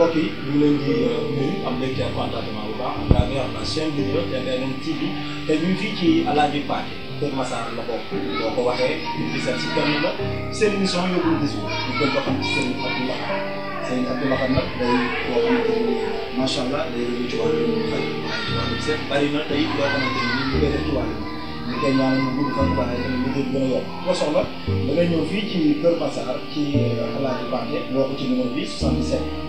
mbokk yi ñu ngi leen di euh, nuyu am mbégte ak contentement bu baax à travers la chaîne leader TVM TV te ñu fii ci Alaaji Pathé Kër Massar la bokk boo ko waxee di seet si kenn la seen émission yóbbul discours ñu gën ko xam ci seen Abdoulaye seen Abdoulaye nag day boo xamante ni macha allah day yëngu ci wàllu mbay waaye ci wàllu a soxla da ngay fii ci Kër Massar ci euh, Alaaji Pathé woo ko ci numéro bi 77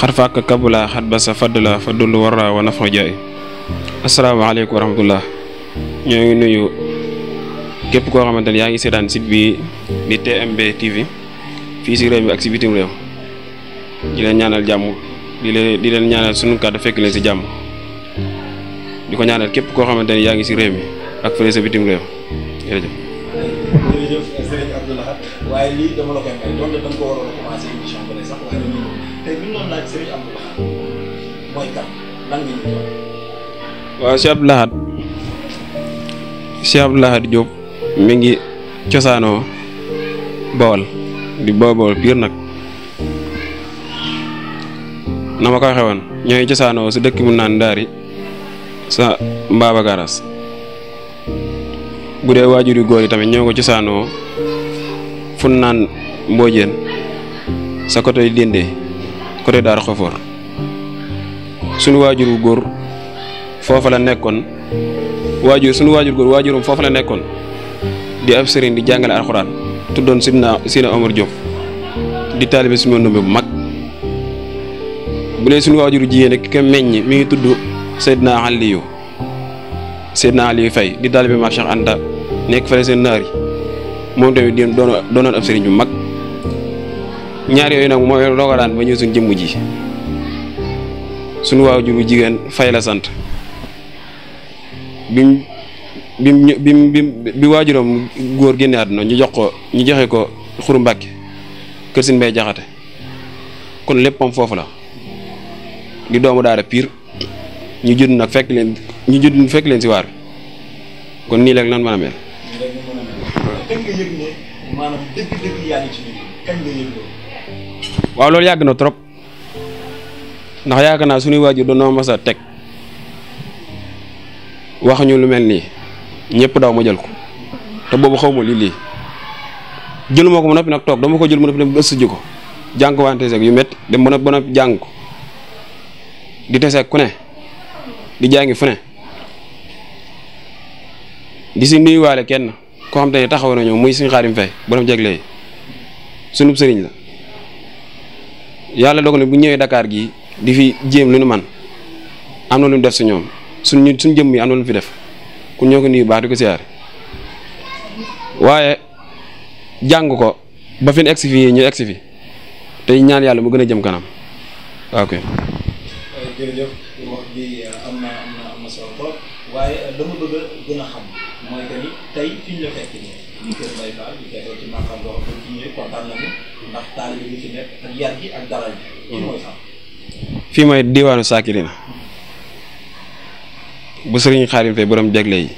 ka kabula xat basa fadla fa dull warra wa nafa jay assalamu alaykum wa rahmatullah ñoy ngi nuyu kep ko xamante yaangi sétan ngi site bi di TMB TV fi ci rew mi ak ci bitim rew di len ñaanal jamm di len di len ñaanal suñu kaddu fekk len ci jamm diko ñaanal kep ko xamante yaangi ci rew si mi ak fële ci bitim rew jërëjëf. jërëjëf Serigne Abdou Lahad waaye dama la koy may doon da ko waroon a ñu doon laaj waaw Cheikh Abdou Lahad Cheikh Abdou Lahad Diop mi ngi cosaanoo Bawol di Bawol Bawol piir nag na ko waxee woon ñooy cosaanoo su dëkk mu naan Ndaari sa Mbaba Garas bu dee waajur yu góor yi tamit ñoo ko cosaanoo fun naan Mbodiène sa côté Dindé côté daar Khafor suñu waajuru góor foofa la nekkoon waajur suñu waajur góor waajurum foofa la nekkoon di ab sëriñ di jàngale alxuraan tuddoon Sidna Sina Omar Diop di taalibe suñu ndumbe bu mag bu suñu waajuru waajur jigéen rek ka meññ mi ngi tudd Seydina Aliyu Seydina Aliyu Faye di taalibe Maam Cheikh Anta nekk fële seen naar yi moom tamit di doon doonoon ab sëriñ bu mag. ñaar yooyu nag mooy dogaraan ba ñëw suñ jëmm ji suñu waajur bu jigéen fay la sant bim bim bim bi waajuram góor génne àdduna ñu jox ko ñu joxe ko xuru mbàkke kër sin mbay jaxate kon léppam foofu la di doomu daara piir ñu judd nag fekk leen ñu judd fekk leen si waar bi kon nii rek nan mën a mel. waaw loolu yàgg na trop ndax yaakaar naa suñuy waajur dañoo mas teg wax ñu lu mel nii ñëpp daw ma jël ko te boobu xaw ma lii lii jëluma ko ba noppi nag toog dama ko jël ba noppi dem ëssu ji ko jàng ko wante seeg yu metti dem ba noppi ba noppi jàng ko di teseeg ku ne di jàngi fu ne di si nuyuwaale kenn koo xam te ne taxaw nañu muy suñu xaarim fay borom jeglee sunub sëriñ la yàlla dogal bu ñëwee dakaar gi di fi jéem lu nu man am na lu ñu def si ñoom suñ ñun suñ jëmm yi am na lu fi def ku ñoo ko nuyu baax di ko siyaare waaye jàng ko ba fi ñu egsi fii ñu egsi fi tey ñaan yàlla mu gën a jëm kanam fii hmm. mooy sax. fii mooy hmm. bu sëriñ Xaadim Fay borom jagle yi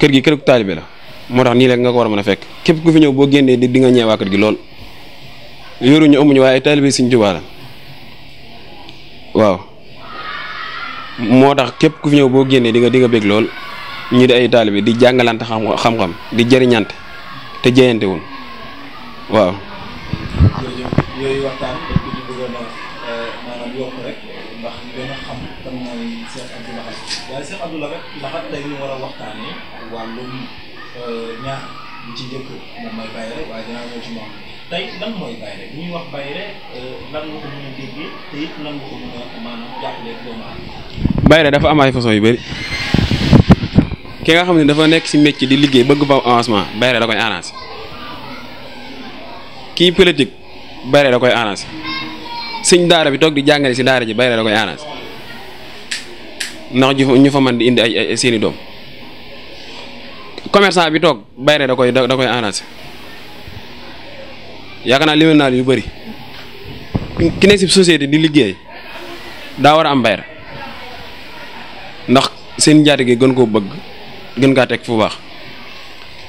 kër gi kërug taalibe la moo tax nii rek nga ko war a mën a fekk képp ku fi ñëw boo génnee di nga ñeewaa kër gi lool yoruñu amuñu waaye ay taalibe Sëriñ Tuubaa waaw moo tax képp ku fi ñëw boo génnee di nga di nga lool ñu di ay taalibe di jàngalante xam-xam di jëriñante te jeyante wuñ waaw. yooyu waxtaan dañ ko bëggoon a euh, maanaam yokk ndax a xam kan mooy Cheikh Abdou Lahad war a waxtaanee wàllum euh, ñaar bi ci njëkk moom mooy bayre waaye ñuy wax bayre euh, lan nga ko mën a déggee te it lan nga ko mën a maanaam bayre dafa am ay façon yu ki nga xam ne dafa nekk si métier di liggéey bëgg fa avancement bayre da koy arrangé kii politique bayre da koy arrangé sëñ daara bi toog di si daara ji bayre koy arrangé ndax ñu fa man di indi ay seeni doom commerçant bi toog bayre da koy da koy arrangé yaakaar naa limal yu bëri ki ne si société di liggéey daa war a am bayre ndax seen njaati gi gën koo bëgg gën kaa teg fu baax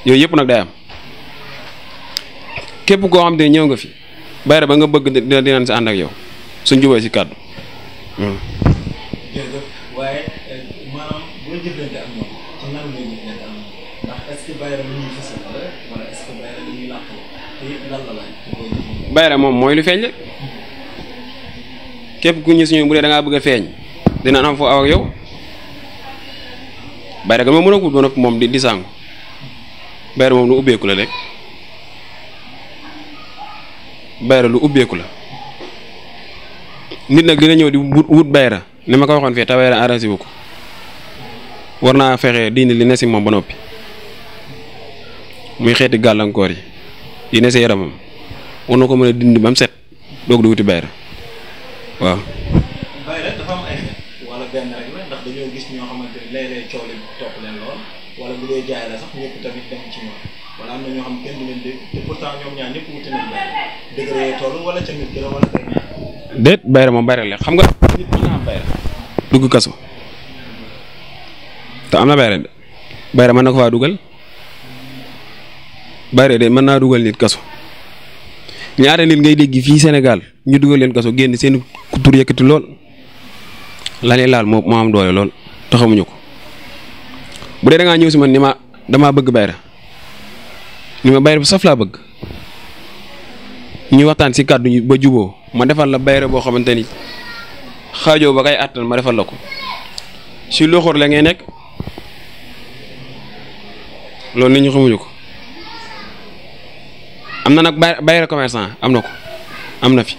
yooyu yëpp nag day am képp koo xam te ñëw nga fi bayra ba nga bëgg dina dinañ si yow suñ jubee si hmm. eh, moom bayra moom mooy lu feeñ la képp ku ñu suñu bu dee da ngaa bëgg a feeñ dina am foo aw ak yow. baykat bi moom mën a gudd nag moom di di sàngu baykat moom lu la rek bayra lu ubbeeku la nit nag dina ñëw di wut wut bayra ni ma ko waxoon fii te bayra arrangé wu ko war naa fexe diine li ne si moom ba noppi muy xeeti gàllankoor yi yi ne si yaramam war na ko mën a dindi ba mu set doog di wuti bayra waaw. dee jaay la xam kenn du leen xam nga dugg kaso te am na bayra de bayra na ko faa dugal bayra de mën naa dugal nit kaso ñaare nit ngay dégg fii senegal ñu dugal leen kaso génn seen tur yëkkati lool la ñuy laal moo moo am doole lool te xamuñu ko. bu dee da ngaa ñëw si ma ni ma damaa bëgg bayra ni ma bayra bu saf laa bëgg ñuy waxtaan si kàddu yi ba juboo ma defal la bayra boo xamante ni xaajoo ba kay àttan ma defal la ko si loxoor la ngay nekk loolu ni ñu xamuñu ko am na nag bayra commerçant am na ko am na fi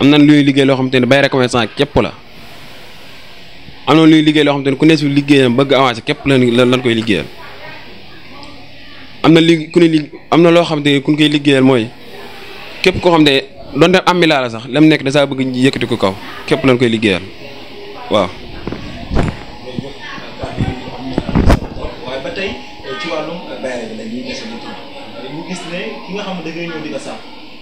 am na luy liggéey loo xamante ni bayra commerçant képp la am na luy liggéey loo xam te ne ku ne si liggéeyam bëgg avancé képp lan lan koy liggéeyal am na li ku ne li am na loo xam te ne ku ñu koy liggéeyal mooy képp koo xam ne donte am mi sax la mu nekk da saa bëgg yëkkati ko kaw képp lan koy liggéeyal waaw.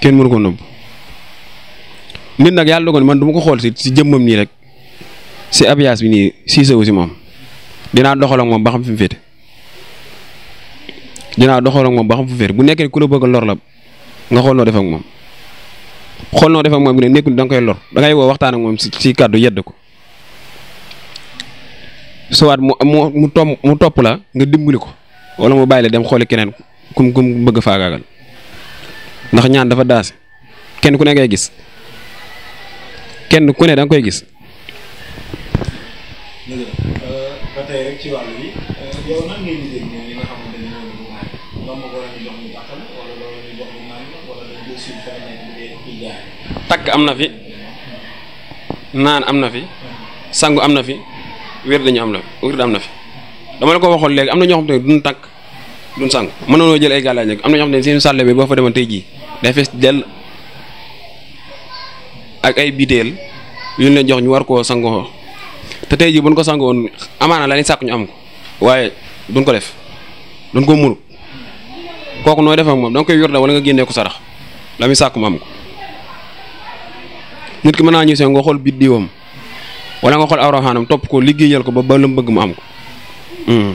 kenn mënu ko nëbb nit nag yàlla dogal man du ma ko xool si si jëmmam nii rek si abiyaas bi nii siisewu si moom dinaa doxal ak moom ba xam fi dinaa doxal ak moom ba xam fi mu féete bu nekkee ku la bëgg lor la nga xool noo def ak moom xool noo def ak moom bu ne nekkul da nga koy lor da ngay waxtaan ak moom si si kàddu yedd ko suwaat mu mu mu topp la nga dimbali ko wala mu bàyyi la dem xooli keneen kum kum bëgg faagaagal. ndax ñaan dafa daase kenn ku ne ngay gis kenn ku ne danga koy gis. ba eh, takk am na fi naan am na fi sangu am na fi wér dañu am na fi na fi dama la ko waxoon léegi am na ñoo xam te ne duñ takk duñ sangu mënoonoo jël ay gàllaaj nag am na ñoo xam te ne seen sàlle boo fa demoon tey jii. day fees dell ak ay biteel yu ñu jox ñu war koo sangoo te tey jii buñ ko sangoon amaana la ñuy sàkk ñu am ko waaye duñ ko def duñ ko mënu kooku nooy def moom da koy yor da wala nga génnee ko sarax la muy sàkk mu am ko nit ki mën naa ñu seen nga xool biddiwam wala nga xool awraxaanam topp ko liggéeyal ko ba ba lu mu bëgg mu am ko hmm.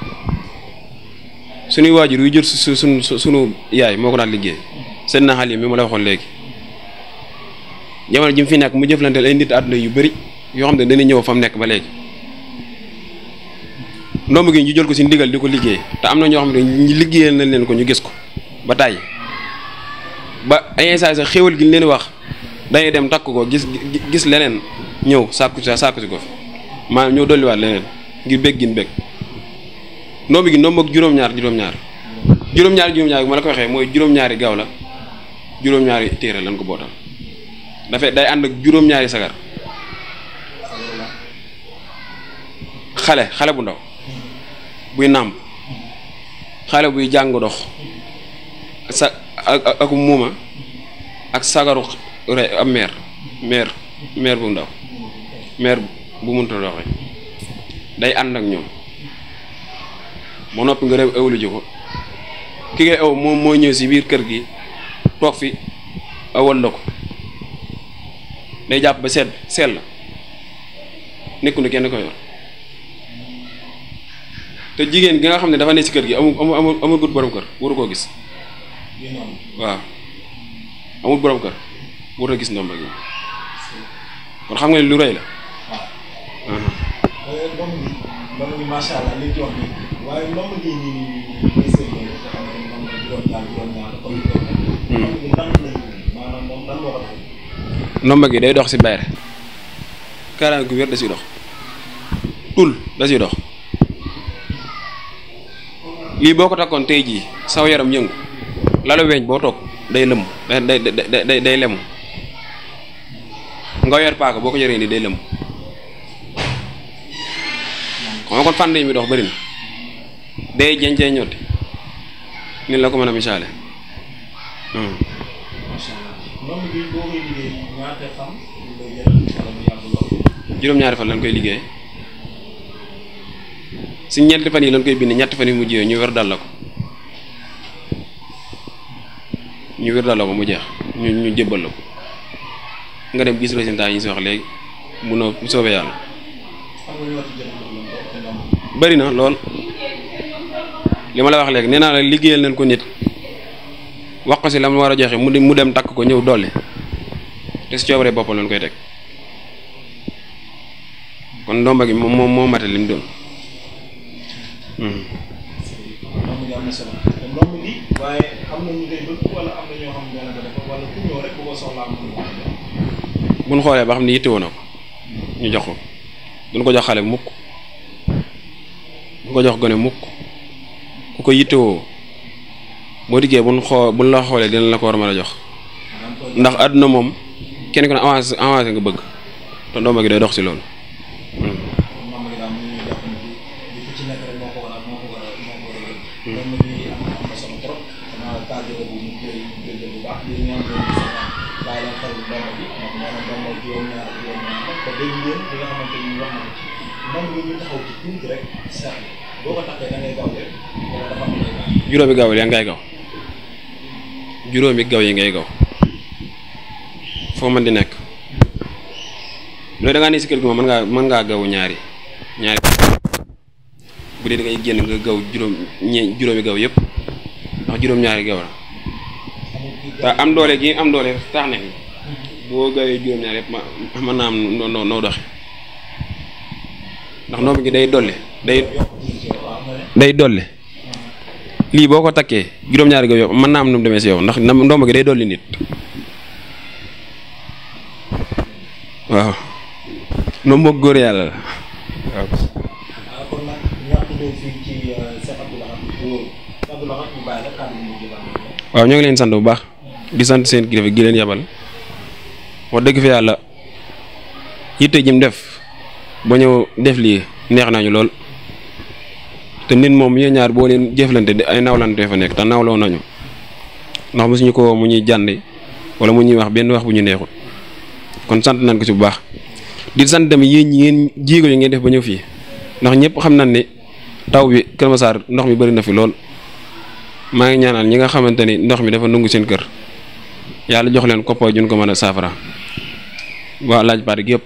suñuy waajur yu jur su suñu suñu yaay moo ko daan liggéey seen na xaalis mi ma la waxoon léegi jamono ji mu fi nekk mu jëflanteel ay nit àdduna yu bari yoo xam ne dañuy ñëw fa mu nekk ba léegi ndomb gi ñu jël ko si ndigal di ko liggéey te am na ñoo xam ne ñu liggéeyal nañ leen ko ñu gis ko ba tàyyi ba ay saa sa xéwal gi leen wax dañuy dem takk ko gis gis leneen ñëw sàkku sa sàkku si ko fi maanaam ñëw dolliwaat leneen ngir bég gin bég ndomb gi ndoom ak juróom-ñaar juróom-ñaar juróom ma la ko waxee mooy juróom-ñaari gaaw la juróom-ñaari téere lañ ko bootal dafay day ànd ak juróom-ñaari sagar xale xale bu ndaw buy nàmp xale buy jàng dox sa ak ak muuma ak sagaru re am meer meer meer bu ndaw meer bu munta doxee day ànd ak ñoom mo nopi nga rew ewlu ji ki nga ew moom mo ñew ci bir kër gi tok fi awal la ko day jàpp ba sel nekku nekkul kenn ko yor te jigen gi nga xamne dafa ne ci kër gi amu amu amu gut borom kër waru ko gis wa amu borom kër waru gis ndomba gi kon xam nga lu reey la. ma ah. sha eh, allah li ci wax nii waaye ndomb gi nii nii mooy seen yoon nga xam ne moom la juróom-ñaar juróom-ñaar comme ni ko maanaam moom lan moo ko tax ndomb gi day dox si bayre kaaraan gu wér da siy dox tul da siy dox lii boo ko takkoon tey jii saw yaram yëngu lalu weñ boo toog day lëmm day day day day lemu nga yor paaka boo ko yoree nii day lëmm xam nga kon fànn yi mi dox bëri na day jencee ñotti ni la ko mën a misaale hmm. juróom-ñaari fan lañ koy liggéey si ñetti fan yi lañ koy bind ñetti fan yi mu jiyee ñu wér dal la ko ñu wér dal la ko mu jeex ñu ñu jébbal la ko nga dem gis résultat yi ñu si wax léegi munoo bu soobee yàlla bari na lool li ma la wax léegi nee naa la liggéeyal nañ ko nit wax ko si la mu war a joxe mu mu dem takk ko ñëw dolli te si coobare boppam lañ koy teg kon ndomba gi moom moom moo mate hmm. xoolee ba xam ne yittewoo ko ñu jox ko duñ ko jox xale mukk duñ ko jox gone mukk ku ko yittewoo boo dikkee buñ xoo buñ la xoolee dina la ko war a mën a jox ndax àdduna moom kenn ku ne avancé nga bëgg te ndooma gi day dox si loolu moom juróomi gaaw yi ngay gaw juróomi gaaw yi ngay gaw foo mën di nekk bu dee da si kër gi moom mën ngaa mën ngaa gaw ñaari ñaari bu dee da génn nga gaw juróom ñe juróomi gaw yëpp ndax juróom-ñaari gaw la te gi am doole tax na boo mën naa ndax noo mi ngi day dolli day day dolli lii boo ko takkee juróom-ñaari ga yow mën naa am nu mu demee si yow ndax ndomb gi day dolli nit waaw góor yàlla waaw. ñoo ngi leen sant bu baax di sant seen kilifa gi leen yabal wax dëgg fi yàlla yitte jim def ba ñëw def lii neex nañu lool. te nit moom yéen ñaar boo leen jëflante di ay nawlante fa nekk te nawloo nañu ndax mosuñu koo mu ñuy jàndi wala mu ñuy wax benn wax bu ñu neexul kon sant nañ ko ci bu baax di sant tamit yéen ñi ngeen jéego yi ngeen def ba ñëw fii ndax ñëpp xam nañ ni taw bi Kër Massar ndox mi bari na fi lool maa ngi ñaanal ñi nga xamante ni ndox mi dafa nungu seen kër yàlla jox leen koppar juñ ko mën a saafara waa laaj baat gi yëpp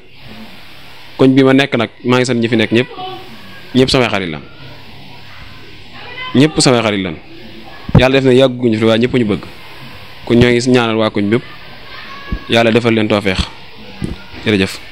koñ bi ma nekk nag maa ngi sant ñi fi nekk ñëpp ñëpp samay xarit ñëpp samay xarit lan yàlla def na yàgguñu fi waaye ñëpp ñu bëgg kon ñoo ngi ñaanal waa koñ bépp yàlla defal leen toofeex jërëjëf